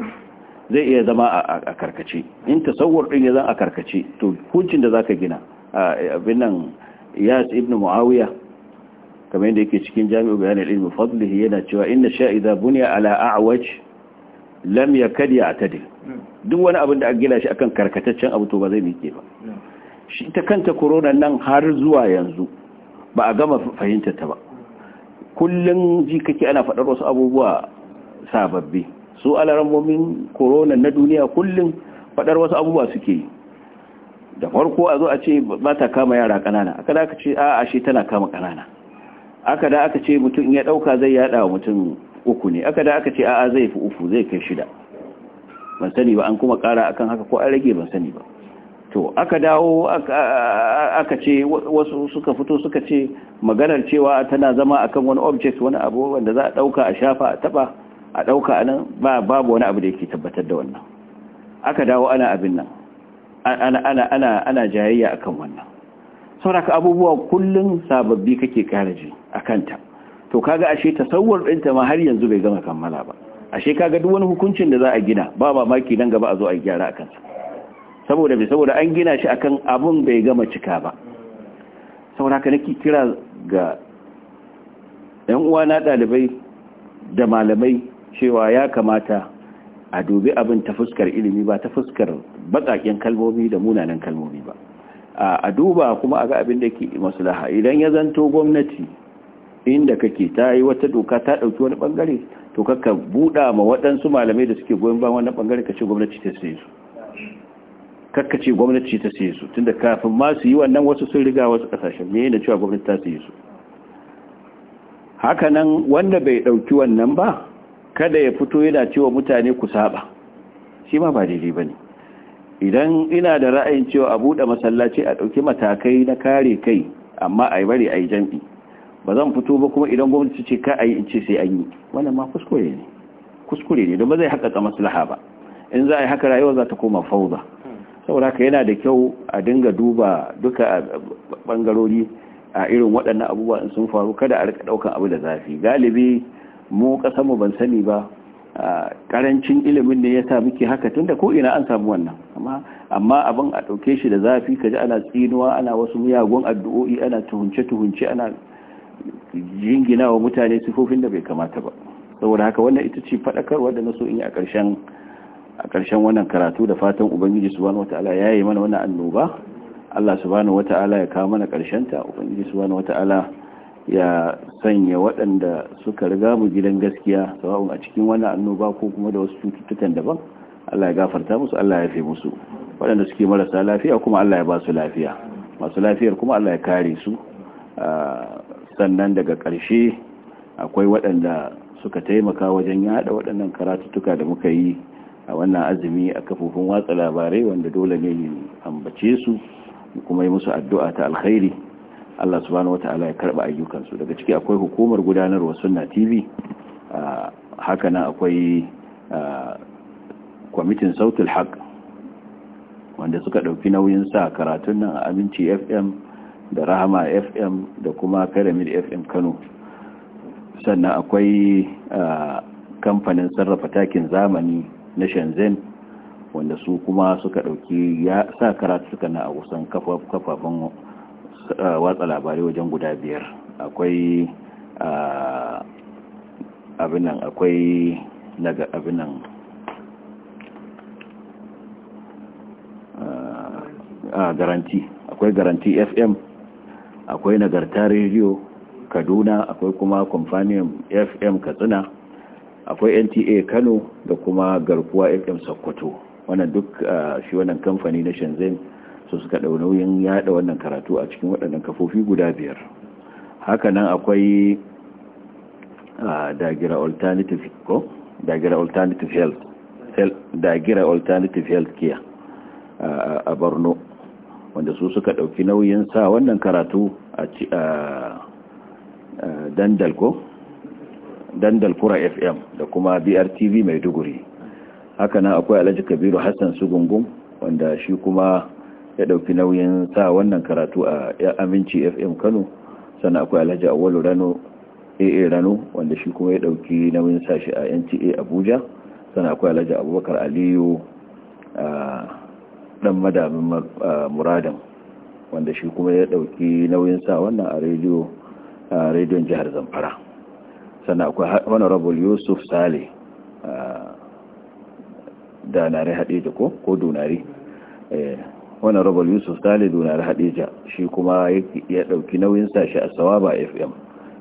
zai iya zama a karkace in tasawwur din ya zan a karkace to hukuncin da zaka gina abin nan Iyas ibn Muawiya kamar yadda yake cikin Jami'u Bayan ilmi ilm fadlihi yana cewa inna idza bunya ala a'waj lam yakad ya'tadil duk wani abin da aka gina shi akan karkataccen abu to ba zai mike ba shi ta kanta corona nan har zuwa yanzu ba a gama fahimta ta ba kullum ji kake ana faɗar wasu abubuwa sababbi su alarammomin korona na duniya kullum faɗar wasu abubuwa suke yi da farko a zo a ce ba ta kama yara ƙanana aka da aka ce a ashe tana kama ƙanana aka da aka ce mutum ya ɗauka zai yaɗa wa mutum uku ne aka da aka ce a zai fi uku zai kai shida ban sani ba an kuma ƙara akan haka ko an rage ban sani ba to aka dawo aka ce wasu suka fito suka ce maganar cewa tana zama akan wani object wani abu wanda za a dauka a shafa a taba a dauka a nan babu wani abu da yake tabbatar da wannan aka dawo ana abin nan ana ana ana ana jayayya akan wannan sauraka abubuwa kullun sababbi kake karaje akan ta to kaga ashe tasawwur ɗinta ma har yanzu bai gama kammala ba ashe kaga duk wani hukuncin da za a gina ba mamaki nan gaba a zo a gyara akan sa saboda bai saboda an gina shi akan abun bai gama cika ba saboda haka nake kira ga yan uwa na dalibai da malamai cewa ya kamata a dubi abin ta fuskar ilimi ba ta fuskar bakaken kalmomi da munanan kalmomi ba a duba kuma a ga abin da ke maslaha idan ya zanto gwamnati inda kake ta yi wata doka ta ɗauki wani ɓangare to kakka buɗa ma waɗansu malamai da suke goyon ba wannan ɓangare ka ce gwamnati ta sai su kakkace gwamnati ce ta saye su tunda kafin ma su yi wannan wasu sun riga wasu kasashen me yana cewa gwamnati ta saye su Haka nan wanda bai dauki wannan ba kada ya fito yana cewa mutane ku saba shi ma ba daidai bane idan ina da ra'ayin cewa a buɗe masallaci a ɗauki matakai na kare kai amma a yi bari a yi jam'i ba zan fito ba kuma idan gwamnati ce ka a yi in ce sai an yi wannan ma kuskure ne kuskure ne don ba zai haƙaƙa maslaha ba in za a yi haka rayuwa za ta koma fauda saboda haka yana da kyau a dinga duba duka bangarori a irin waɗannan abubuwa in sun faru kada a rika ɗaukan abu da zafi galibi mu mu ban sani ba ƙarancin ilimin ne ya sa muke haka tun da ko'ina an samu wannan amma abin a ɗauke shi da zafi ka ji ana tsinuwa ana wasu miyagun addu'o'i ana tuhunce-tuhunce ana jingina wa mutane sifofin da bai kamata ba saboda haka wannan ita ce faɗakarwa da na so in yi a ƙarshen a ƙarshen wannan karatu da fatan ubangiji subhanahu wata'ala ya yi mana wannan annoba Allah subhanahu wata'ala ya kawo mana ta ubangiji subhanahu wata'ala ya sanya waɗanda suka riga mu gidan gaskiya sababin a cikin wannan annoba ko kuma da wasu cututtukan daban Allah ya gafarta musu Allah ya fi musu waɗanda suke marasa lafiya kuma Allah ya ba su lafiya masu lafiyar kuma Allah ya kare su ah, sannan daga ƙarshe akwai waɗanda suka taimaka wajen yada waɗannan karatuttuka da muka yi a wannan azumi a kafofin watsa labarai wanda dole ne ne ambace su kuma yi musu addu'a ta alkhairi Allah subhanahu wata'ala ya karba ayyukansu daga ciki akwai hukumar gudanarwa sunna TV haka nan akwai kwamitin sautul haq wanda suka dauki nauyin sa karatun nan a Aminci FM da Rahama FM da kuma Pyramid FM Kano sannan akwai kamfanin sarrafa takin zamani na shenzhen wanda su kuma suka ɗauki ya sa karatu suka na a kusan kafafen eh, watsa labarai wajen guda biyar akwai eh, abinan akwai daga abinan eh, ah, garanti akwai garanti fm akwai nagarta rediyo kaduna akwai kuma kamfanin fm katsina akwai nta kano da kuma garkuwa fm sokoto wannan duk ah, shi wannan kamfani na shenzhen su suka ɗau nauyin yaɗa wannan karatu a cikin waɗannan kafofi guda biyar hakanan akwai ah, dagira alternative ko dagira alternative health dagira alternative health care ah, a borno wanda su suka ɗauki nauyin sa wannan karatu a dandal ko dandal kura fm da kuma brtv duguri hakanan akwai alhaji kabiru hassan sugungun wanda shi kuma ya ɗauki nauyin sa wannan karatu a aminci fm kano sannan akwai alhaji awwalu rano aa rano wanda shi kuma ya ɗauki nauyin sa shi a nta abuja sannan akwai alhaji abubakar aliyu dan madamin muradan wanda shi kuma ya ɗauki nauyin sa wannan a rediyon jihar zamfara sannan akwai honorable yusuf sale da nare hadeja ko ko dunari eh, honorable yusuf sale dunari hadeja shi kuma ya dauki nauyin sashi a sawaba fm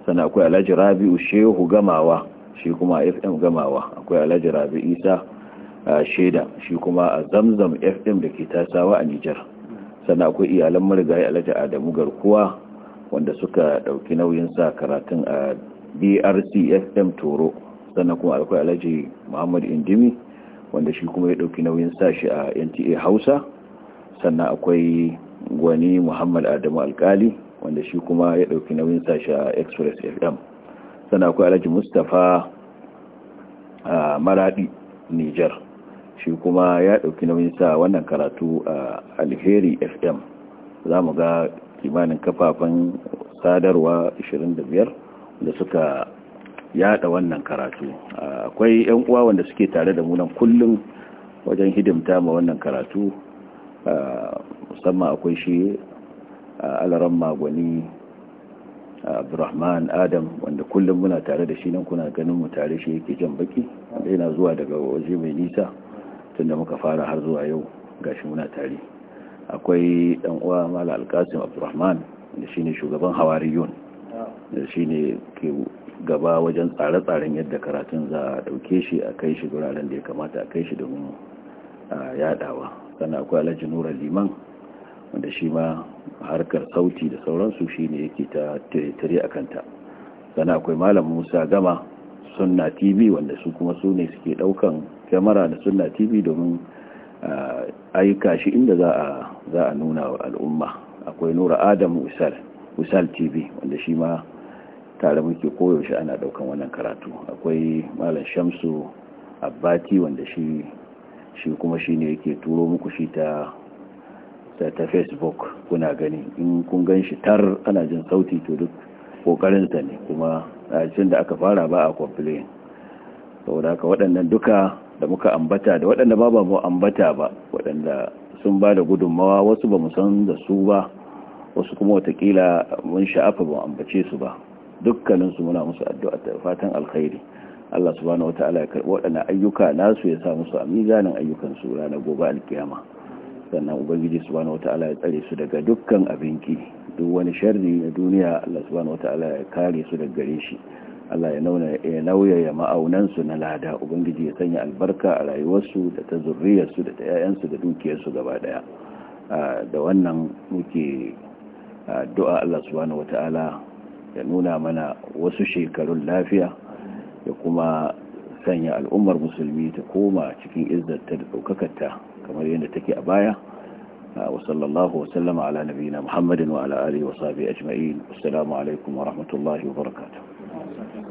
sannan akwai alhaji rabi'u shehu gamawa shi kuma fm gamawa akwai alhaji rabi'u isa sheda shi kuma a zamzam fm da ke tasawa a nijar sannan akwai iyalan marigayi alhaji adamu garkuwa wanda suka dauki nauyin sa karatun a drcfm toro sannan kuma akwai alhaji muhammad indimi wanda shi kuma ya dauki nauyin sashi a nta hausa sannan akwai gwani muhammad adamu alkali wanda shi kuma ya dauki nauyin sashi a express fm sannan akwai alhaji mustapha a maradi niger shi kuma ya dauki nauyin sa wannan karatu a alheri fm za mu ga kimanin kafafen sadarwa 25 da suka yada wannan karatu akwai yan uwa wanda suke tare da mu nan kullum wajen hidimta ma wannan karatu musamman akwai shi alaran magwani abdurrahman adam wanda kullum muna tare da shi nan kuna ganin mu tare shi yake jan baki wanda yana zuwa daga waje mai nisa tunda muka fara har zuwa yau gashi muna tare akwai dan uwa mala alkasim abdurrahman da shine shugaban hawariyun shi ne ke gaba wajen tsare-tsaren yadda karatun za a ɗauke shi a kai shi guraren da ya kamata a kai shi domin yadawa sannan akwai alhaji nura liman wanda shi ma harkar sauti da sauransu shi ne yake ta tire a kanta sannan akwai malam musa gama sunna tv wanda su kuma su ne suke ɗaukan kyamara da sunna tv domin aika shi inda za a nuna wa al'umma akwai nura adamu isar wisal tv wanda shi ma tare muke koyaushe ana daukan wannan karatu akwai malam shamsu abbati wanda shi shi kuma shi ne yake turo muku shi ta ta facebook kuna gani in kun gan shi tar ana jin sauti to duk kokarinsa ne kuma a cikin da aka fara ba a complain saboda haka waɗannan duka da muka ambata da waɗanda ba ba mu ambata ba waɗanda sun ba da gudunmawa wasu ba mu san da su ba wasu kuma watakila mun sha'afa ba ambace su ba dukkaninsu muna musu addu'a da fatan alkhairi Allah subhanahu wataala ya karbi wadannan ayyuka nasu ya sa musu a mizanin ayyukan su ranar gobe alkiyama sannan ubangiji subhanahu wataala ya tsare su daga dukkan abinki duk wani sharri na duniya Allah subhanahu wataala ya kare su daga gare shi Allah ya nauna ya ma'aunan su na lada ubangiji ya sanya albarka a rayuwarsu da ta zurriyarsu da ta 'ya'yansu da dukiyarsu gaba daya ah, da wannan muke addu'a Allah subhanahu ta'ala ya nuna mana wasu shekarun lafiya ya kuma sanya al'ummar musulmi ta koma cikin izzarta da ɗaukakarta kamar yadda take a baya wa sallallahu wa sallama ala nabiyina muhammadin wa ala alihi wa sahbihi ajma'in assalamu alaikum wa rahmatullahi wa barakatuh